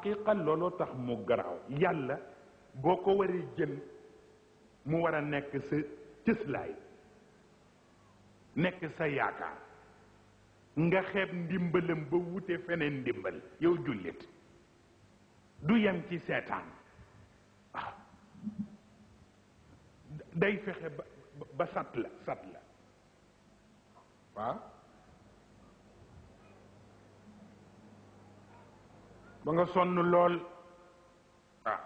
xaqiqa looloo tax mu garaaw yàlla boo ko waree jël mu war a nekk sa cëslaay nekk sa yaakaar nga xeeb ndimbalam ba wute feneen ndimbal yow jullit du yem ci seetaan waaw day fexe ba ba sat la sat la waaw ba nga sonn lool waaw ah.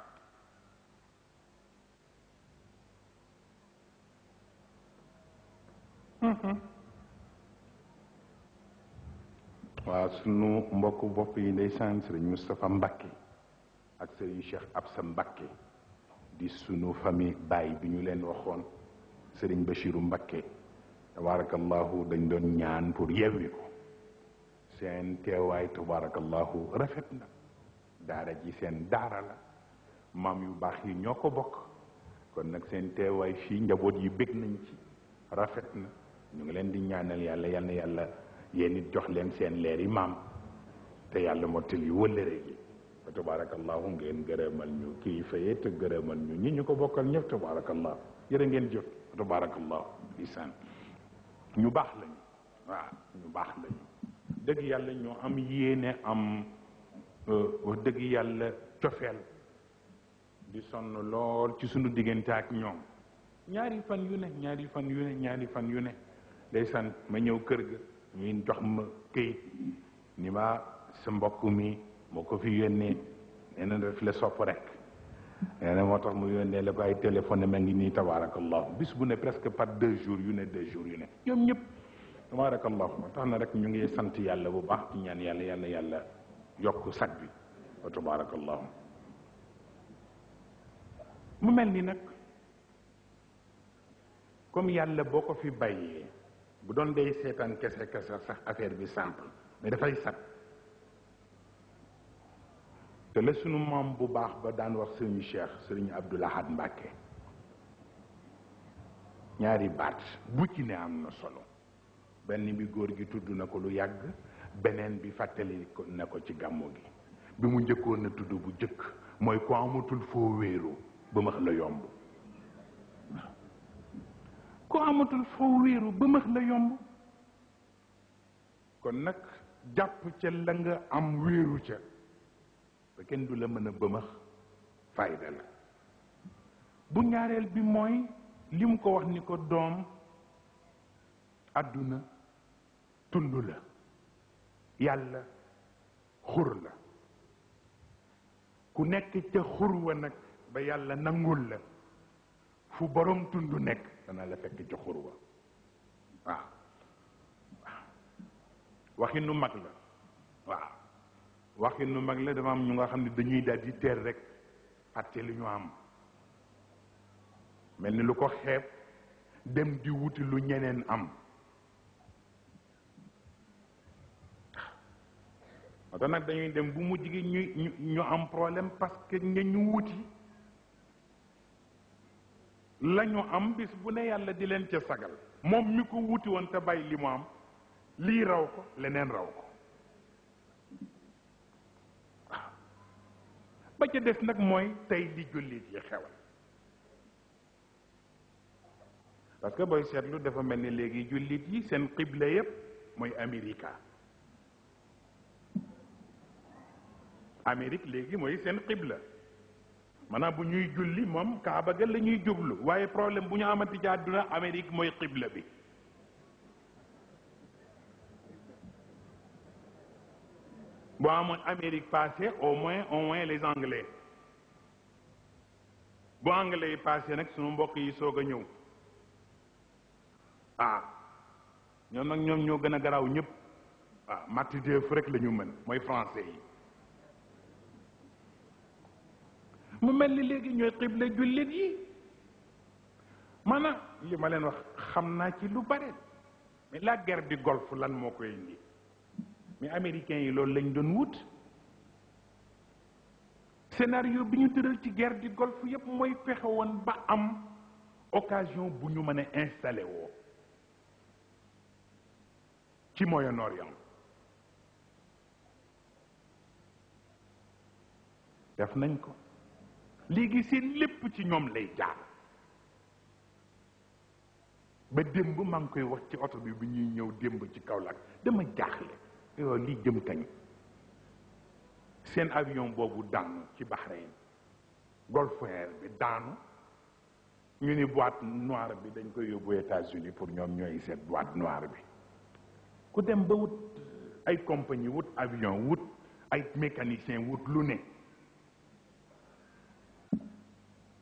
mm-hmm. waaw sunu mbokk bopp yi ndeysaan sëriñ Moustapha Mbakke ak sëriñ Cheikh Absa Mbakke di sunu famille baay bi ñu leen waxoon sëriñ Bachiru Mbakke tabaarakallahu dañ doon ñaan pour yewwi ko seen teewaay tabaarakallahu rafet na daara ji seen daara maam yu baax yi ñoo ko bokk kon nag seen teewaay fii njaboot yi bég nañ ci rafet na ñu ngi leen di ñaanal yàlla yal na yàlla yéen it jox leen seen leeri maam te yàlla mottal yi wëllëre ji fa tabarakallahu ngeen gërëmal ñu kii yi te gërëmal ñu ñi ñu ko bokkal ñëpp tabarakallahu jërë ngeen jëf fa tabarakallahu lisaan ñu baax lañu waaw ñu baax lañu dëgg yàlla ñoo am yéene am Euh, wax dëgg yàlla cofeel di sonn lool ci sunu diggante ak ñoom ñaari fan yu ne ñaari fan yu ne ñaari fan yu ne ndeysaan ma ñëw kër ga ñuy jox ma këyit ni ma sa mbokk mi moo ko fi yónnee nee na daf la sopp rek nee na moo tax mu yónnee la ko ay téléphone ma ngi nii tabaarakallahu bis bu ne presque par deux jours yu ne deux jours yu ne ñoom ñëpp tabaarakallahu moo tax na rek ñu ngi sant yàlla bu baax ñaan yàlla yàlla yàlla yokk sat bi wa tabarakallahu mu mel ni nag comme yàlla boo ko fi bàyyee bu doon day seetaan kese kese sax affaire bi simple mais dafay sat te la sunu moom bu baax ba daan wax sëriñ Cheikh sëriñ Abdou Mbàkke ñaari baat bu ci ne am na solo benn bi góor gi tudd na ko lu yàgg beneen bi fàttali na ko ci gàmmu gi bi mu njëkkoon a tudd bu jëkk mooy ko amatul foo wéeru ba la yomb ko amatul foo wéeru ba la yomb kon nag jàpp ca la nga am wéeru ca ba kenn du la mën a bëmëx fayda la bu ñaareel bi mooy li mu ko wax ni ko doom àdduna tund la yàlla xur la ku nekk ca xur wa nag ba yàlla nangul la fu borom tund nekk dana la fekk ca xur wa waaw mag la waaw waxi nu mag la dama am ñu nga xam ne dañuy daal di teer rek fàtte li ñu am mel ni lu ko xeeb dem di wuti lu ñeneen am moo nag dañuy dem bu mujj gi ñu ñu am problème parce que ñu wuti lañu am bis bu ne yàlla di leen ca sagal moom ñu ko wuti woon te bàyyi li mu am lii raw ko leneen raw ko ba ca des nag mooy tey di jullit yi xewal parce que booy seetlu dafa mel ni léegi jullit yi seen xibla yépp mooy Amerika Amérique léegi mooy seen xibla manaam bu ñuy julli moom kaaba ga la ñuy jublu waaye problème bu ñu amati ci àdduna Amérique mooy xibla bi boo amoon Amérique passe au moins au moins les anglais bu anglais yi passé nag sunu mbokk yi soog a ñëw ah ñoom nag ñoom ñoo gën a garaaw ñëpp ah matt def rek la ñu mën mooy français yi mu mel ni léegi ñooy xibla jullit yi maanaam li ma leen wax xam ci lu bare mais la guerre du golfe lan moo koy indi mais américains yi loolu lañ doon wut scénario bi ñu tëral ci guerre du golfe yépp mooy fexe woon ba am occasion bu ñu mën installer. installé woo ci Moyen-Orient def nañ ko léegi seen lépp ci ñoom lay jaar ba démb maa ngi koy wax ci oto bi bu ñuy ñëw démb ci Kaolack dama jaaxle yow li jëm kañ seen avion boobu daanu ci Bahreïn Golf Air bi daanu ñu ni boîte noire bi dañ koy yóbbu États-Unis pour ñoom ñooy seet boîte noire bi ku dem ba wut ay compagnie wut avion wut ay mécanicien wut lu ne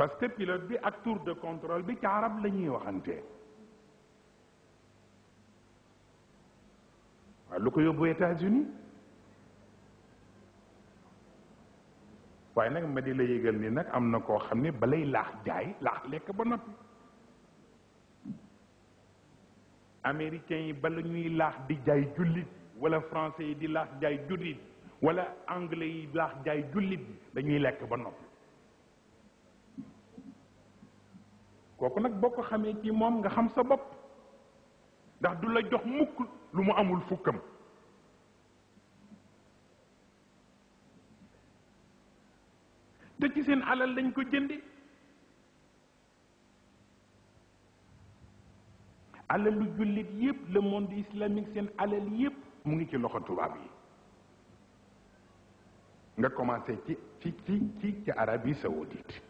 parce que pilote bi ak tour de contrôle bi ci arab lañuy waxante waxantee lu ko yóbbu États-Unis waye nak ma di la yëgal ni nak amna ko xamni balay lax jaay lax lek ba noppi américain yi bal ñuy lax di jaay julit wala français yi di lax jaay julit wala anglais yi laax jaay jullit bi dañuy lekk ba noppi kooku nag boo ko xamee ci moom nga xam sa bopp ndax du la jox mukk lu mu amul fukkam te ci seen alal lañ ko jënd jënde lu jullit yépp le monde islamique seen alal yépp mu ngi ci loxo tubaab yi nga commencé ci ci ci ci Arabie saoudite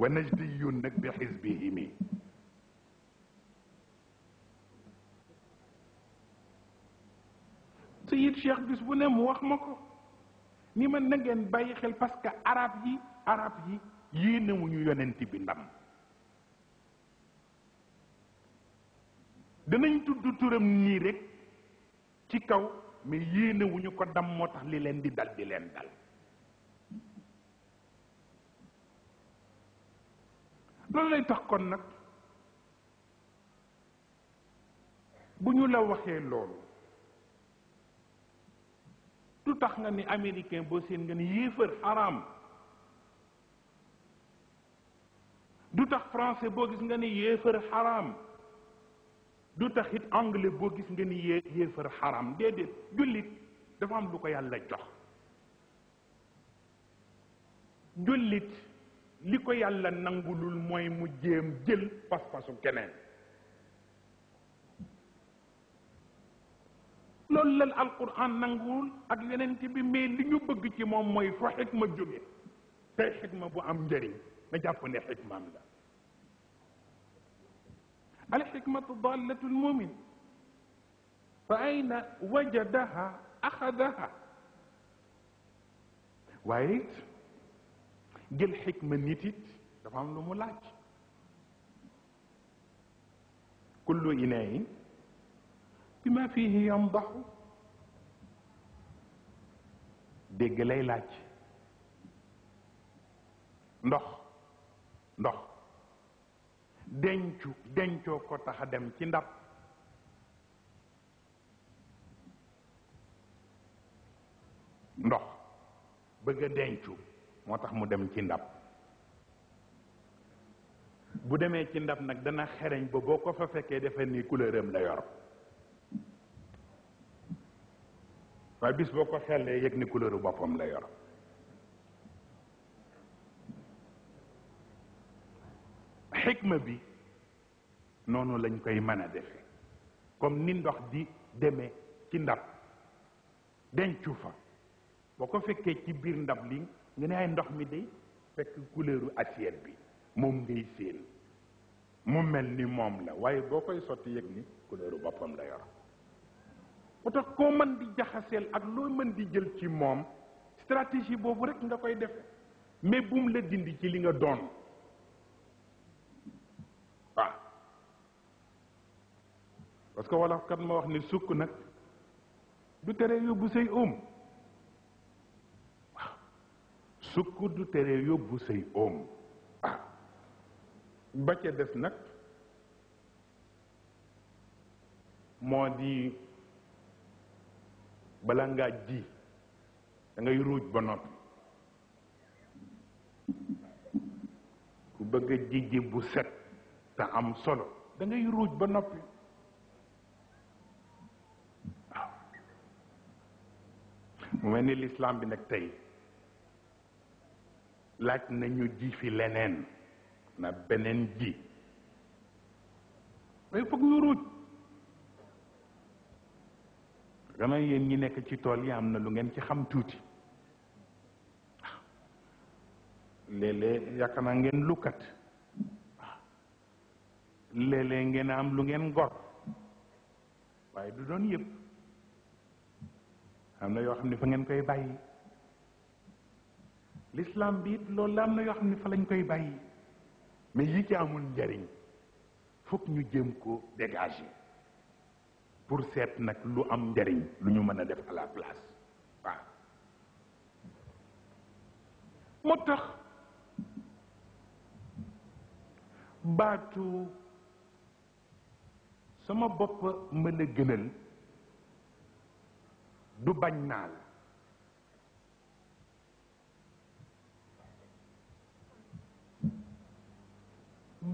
wa yoon nag bi xisbihimi sayid cheikh bis bu ne mu wax ma ko ni man na ngeen bàyyi xel parce que arab yi arab yi yéenewuñu yonent bi ndam danañ tudd turam nii rek ci kaw mais yéenewuñu ko dam moo tax li leen di dal di leen dal loolu lay tax kon nag bu ñu la waxee loolu du tax nga ni américain boo seen nga ni yéefar araam du tax français boo gis nga ni yéefar xaraam du tax it anglais boo gis nga ni yée yéefar xaraam déedéet jullit dafa am lu ko yàlla jox jullit liko yàlla nangulul moy mu jëm jel pass passu kenen lol lan alquran nangul ak yonent bi me li ñu bëgg ci mom moy fahik ma jóge té xikma bu am njëriñ na jàpp ne am la hikmatu dallatu mu'min fa ayna wajadaha axadaha waaye jël xikma nit it dafa am lu mu laaj kullu inain bima fihi yamdaxu dégg lay laaj ndox ndox dencu dencoo ko tax a dem ci ndab ndox bëgg a dencu moo tax mu dem ci ndab bu demee ci ndab nag dana xereñ ba boo ko fa fekkee defe ni couleuram la yor waaye bis boo ko xellee yëg ni couleuru boppam la yor xikma bi noonu lañ koy mën a defe comme ni ndox di demee ci ndab dencu fa boo ko fekkee ci biir ndab li nga ne ay ndox mi day fekk couleuru assiette bi moom ngay séen mu mel ni moom la waaye boo koy sotti yëg ni couleuru boppam la yor moo tax koo man di jaxaseel ak loo mën di jël ci moom stratégie boobu rek nga koy def mais bu mu la dindi ci li nga doon waaw que wolof kat ma wax ni sukk nag du tere yóbbu say um su du tere yóbbu say oom ah. ba ca des nag moo di bala ngaa ji da ruuj ba noppi ku bëgg a ji bu set te am solo da ruuj ba noppi waaw ah. mu mel ni lislaam bi nag tey laaj na nañu ji fi leneen na beneen ji mais foog ñu ruuj dama yéen ñi nekk ci tool yi am na lu ngeen ci xam tuuti léeg-léeg ngeen lukkat léeg ngeen am lu ngeen ngor waaye du doon yëpp am na yoo xam ne fa ngeen koy bàyyi lislaam bi it loolu am na yoo xam ne fa lañ koy bàyyi mais yi ci amul njariñ fokk ñu jëm ko dégager pour seet nag lu am njariñ lu ñu mën a def à la place moo tax baatu sama bopp mën a gënal du bañ naa la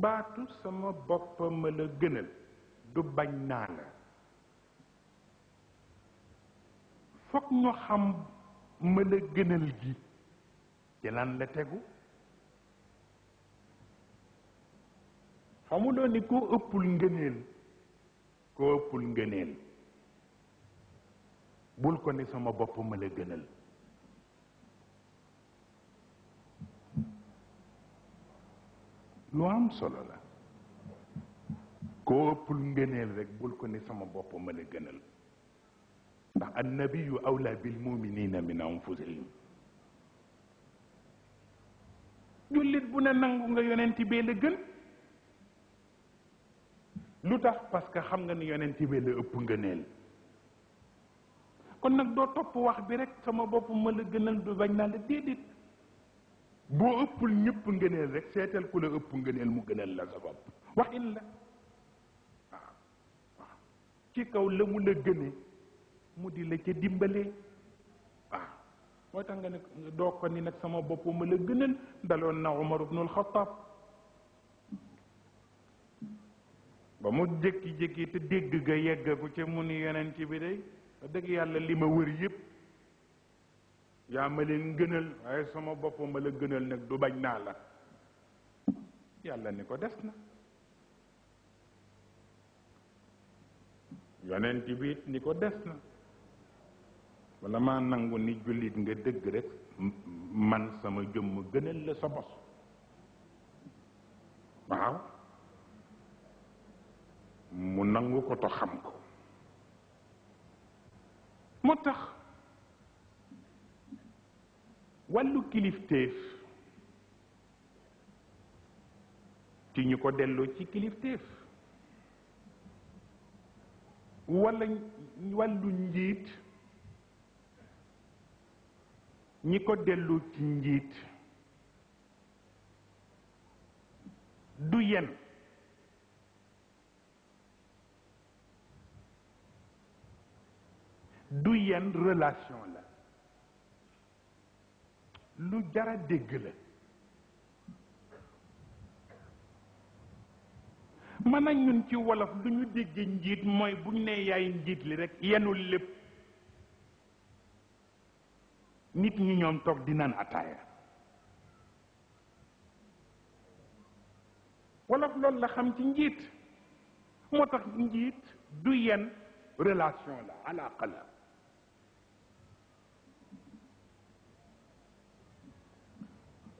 baatu sama bopp ma la gënal du bañ naa la fokk ñu xam ma la gënal gi ci lan la tegu xamuloo ni koo ëppul ngëneel koo ëppul ngëneel bul ko ni sama bopp ma la gënal lu am solo la koo ëpp ngëneel rek bul ko ni sama bopp ma la gënal ndax annabiyu awla bil muminina min anfusihim jullit bu ne nangu nga yonenti bee la gën lu tax parce que xam nga ni yonenti bee la ëpp ngëneel kon nag doo topp wax bi rek sama bopp ma la gënal du bañ naa la déedéet boo ëppul ñëpp ngëneel rek seetal ku la ëpp ngëneel mu gënal la sa wax in la waaw waaw ci kaw la mu la gëne mu di la ca dimbalee waaw moo tax nga ne doo ko ni nag sama bopp ma la gënal daloon na Umar ibnul Xattaab ba mu jékki-jékki te dégg ga yegg ko ca mu ni yonent bi day dëgg yàlla li ma wër yépp yaa ma leen gënal waaye sama bopp ma la gënal nag du bañ naa la yàlla ni ko des na yonent bi ni ko des na wala maa nangu ni jullit nga dëgg rekk man sama jëmm gënal la sa bos waaw mu nangu ko to xam ko moo tax wàllu kilifteef ci ñu ko delloo ci kilifteef walla wàllu njiit ñi ko dellu ci njiit du yenn du yen relation la lu jara dégg la mën na ñun ci wolof lu ñu dégg njiit mooy buñ ne yaay njiit li rekk yenul lépp nit ñi ñoom toog di naan ataaya wolof loolu la xam ci njiit moo tax njiit du yenn relation la alaaka la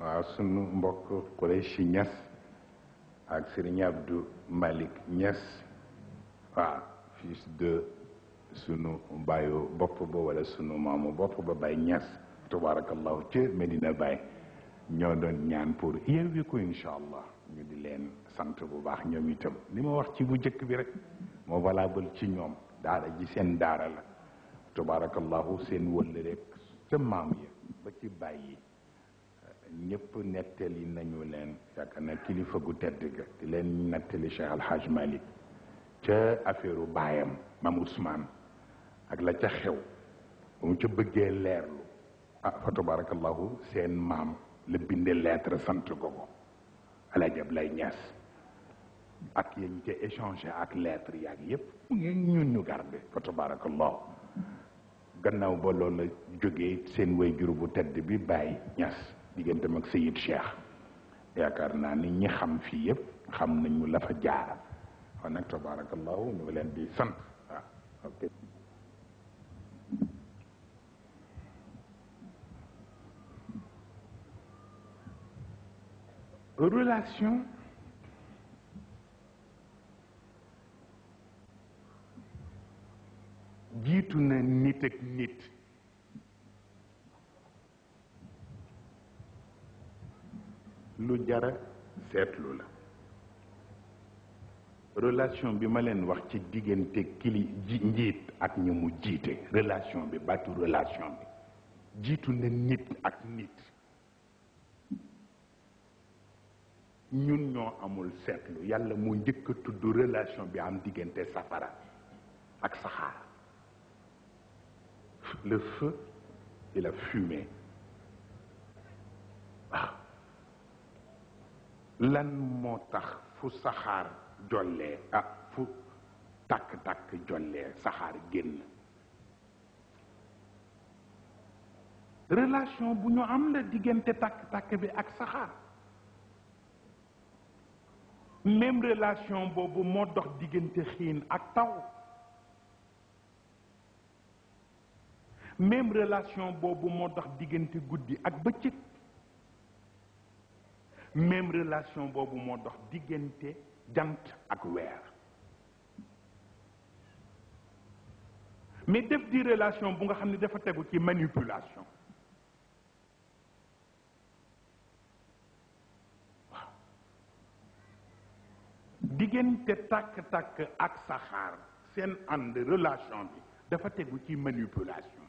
waaw sunu mbokk Qurayshi Ñas ak Serigne Abdou Malick Ñas waaw fils de sunu bàyyu bopp ba wala sunu maamu bopp ba bay Ñas tabarakallahu ca Medina Baye ñoo doon ñaan pour yeewi ko incha allah ñu di leen sant bu baax ñoom itam li ma wax ci bu njëkk bi rek moo valable ci ñoom daara ji seen daara la tabarakallahu seen wëll rek ca maam yi ba ci bàyyi ñëpp nettali nañu leen yaakaar na kilifa gu tedd ga di leen nettali Cheikh Al Hadj Malick ca affaire baayam Mam Ousmane ak la ca xew ba mu ca bëggee leerlu ah fa tabarakallahu seen maam la binde lettre sant ko ko Alaaji Ablaye Niass ak yañ ca échangé ak lettre yaag yépp mu ngi ñun ñu garde fa tabarakallahu gannaaw ba loolu la jógee seen way juru bu tedd bi bàyyi ñas digganteem ak Seyid Cheikh yaakaar naa ni ñi xam fii yëpp xam nañu la fa jaaral kon nag tabaarakallahu ñu leen di sant waaw ok relation jiitu na nit ak nit lu jara seetlu la relation bi ma leen wax ci diggante kili njiit ak ñi mu jiite relation bi baatu relation bi jiitu na nit ak nit ñun ñoo amul seetlu yàlla mu njëkk tudd relation bi am diggante safara ak saxaar le feu et la fumée. Ah, lan moo tax fu saxaar ah fu tak tak jollee sahar génn relation bu am la diggante tak tak bi ak sahar. même relation bobo moo dox diggante ak taw même relation bobu moo tax diggante guddi ak bëccëg même relation bobu moo tax diggante jant ak weer mais def di relation bu nga xamni dafa tegu ci manipulation waaw tak tak ak c'est seen and relation bi dafa tegu ci manipulation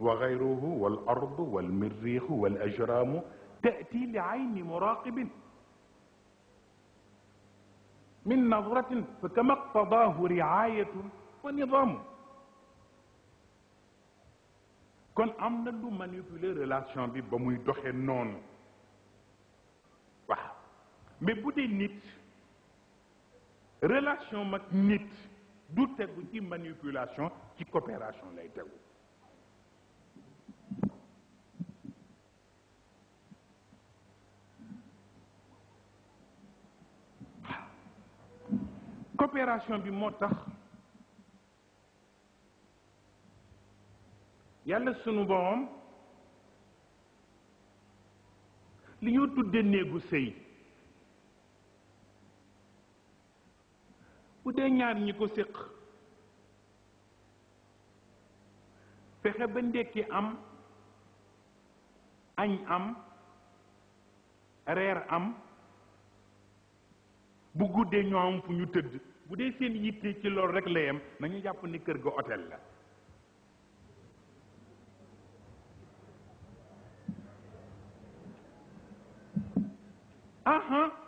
وغيره والأرض والمريخ والأجرام تأتي لعين مراقب من نظرة فكما اقتضاه رعاية ونظام كون أمنا لو مانيبولي ريلاسيون بي بموي دوخي نون واه مي بودي نيت ريلاسيون ماك نيت دو تيغو تي مانيبولاسيون تي كوبيراسيون لاي تيغو coopération bi moo tax yàlla sunu boroom li ñoo tudde néegu sëy bu dee ñaar ñi ko séq fexe ba ndekki am añ am reer am bu guddee ñoo am fu ñu tëdd bu dee seen yitte ci loolu rek la yem nañu jàpp ni kër ga hôtel la ah, ah.